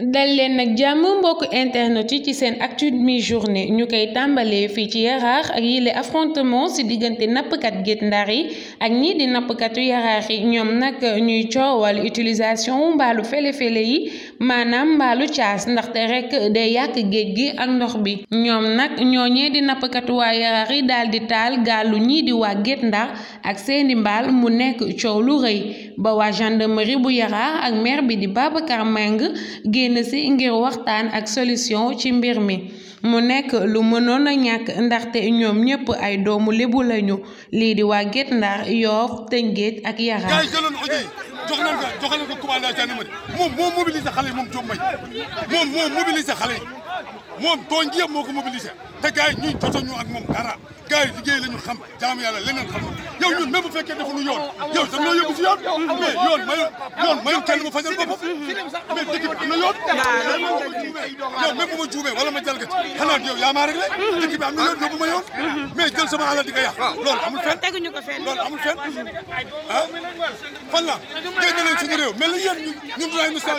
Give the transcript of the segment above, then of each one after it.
dal leen nag jàmm internet ci actu mi journée Nous avons tàmbalee des affrontements yaraax ak yile affrontement si diggante nappkat Ndar yi ak ñii di nappkatu yaraax yi ñuy utilisation maanaam mbaalu caas ndaxte rek day yàq géej gi ak ndox bi ñoom nag ñooñee di nappkatu waa yi daal di taal gaalu ñii di waa Ndar ak seeni mbaal mu nekk coow lu rëy ba waa gendarmerie bu Yaraax ak mer bi di Babacar Meng génn ci ngir waxtaan ak solution ci mbir mi mu nekk lu mënoon ñàkk ndaxte ñoom ñëpp ay doomu lébu lañu lii di waa Guet Ndar Yoff Tëngéej ak Yaraax jox nañ ko jox nañ ko commandant gendarmerie moom moo mobilisé xale yi moom Diop May moom moo mobilisé xale yi moom tooñ gi yëpp moo ko mobilisé te gars ñuy joto ñu ak moom dara gars liggéey la ñu xam jaamu yàlla leneen xam yow ñun même bu fekkee defuñu yoon yow dañ loo yóbbu si yoon mais yoon mayul yoon mayul kenn mu fajal boppam mais dëkk bi am na yoon yow bu ma juumee wala ma jalgati xanaa yow yaa maa réglé dëkk bi am na yoon yóbbu ma yoon mais jël sama alal di ko yàq loolu amul fenn teguñu ko fenn loolu amul fenn ah fan la dégg nañ suñu réew mel ni yéen ñun ñun dinañ nu sal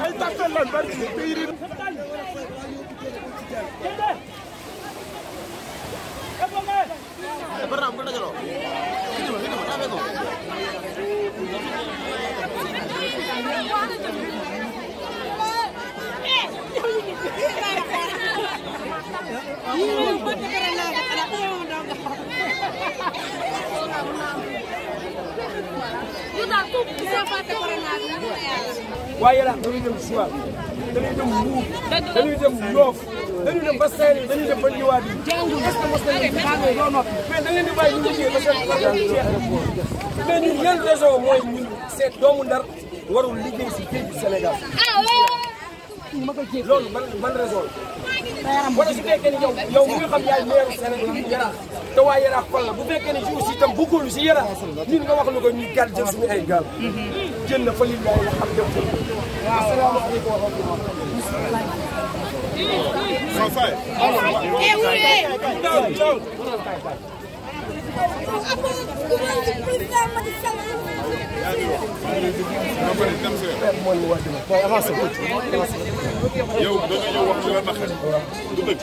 Ahí está con las barras waaye yàlla dañuy dem Joal dañuy dem Mbour dañuy dem Yoff dañuy dem ba Saint-Louis dañuy dem ba Niwadi est-ce que mos nañu xaar doo noppi ba seen programme jeex mais ñun yan seet doomu ndar warul liggéey si géej gi Sénégal loolu man man raison la wala su fekkee ni yow yow mi nga xam yaay meeru Sénégal Yaraax te waa Yaraax fan la bu fekkee ne jour si itam bëggul si Yaraax ñun nga wax lu ko ñuy gàll jël suñu ay gaal. jël na fa li nga xam dem fa. waaw asalaamaaleykum wa rahmatulah. yow da nga ñëw wax ci la naqari du dëgg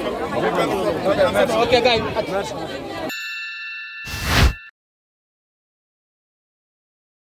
Okay, guys.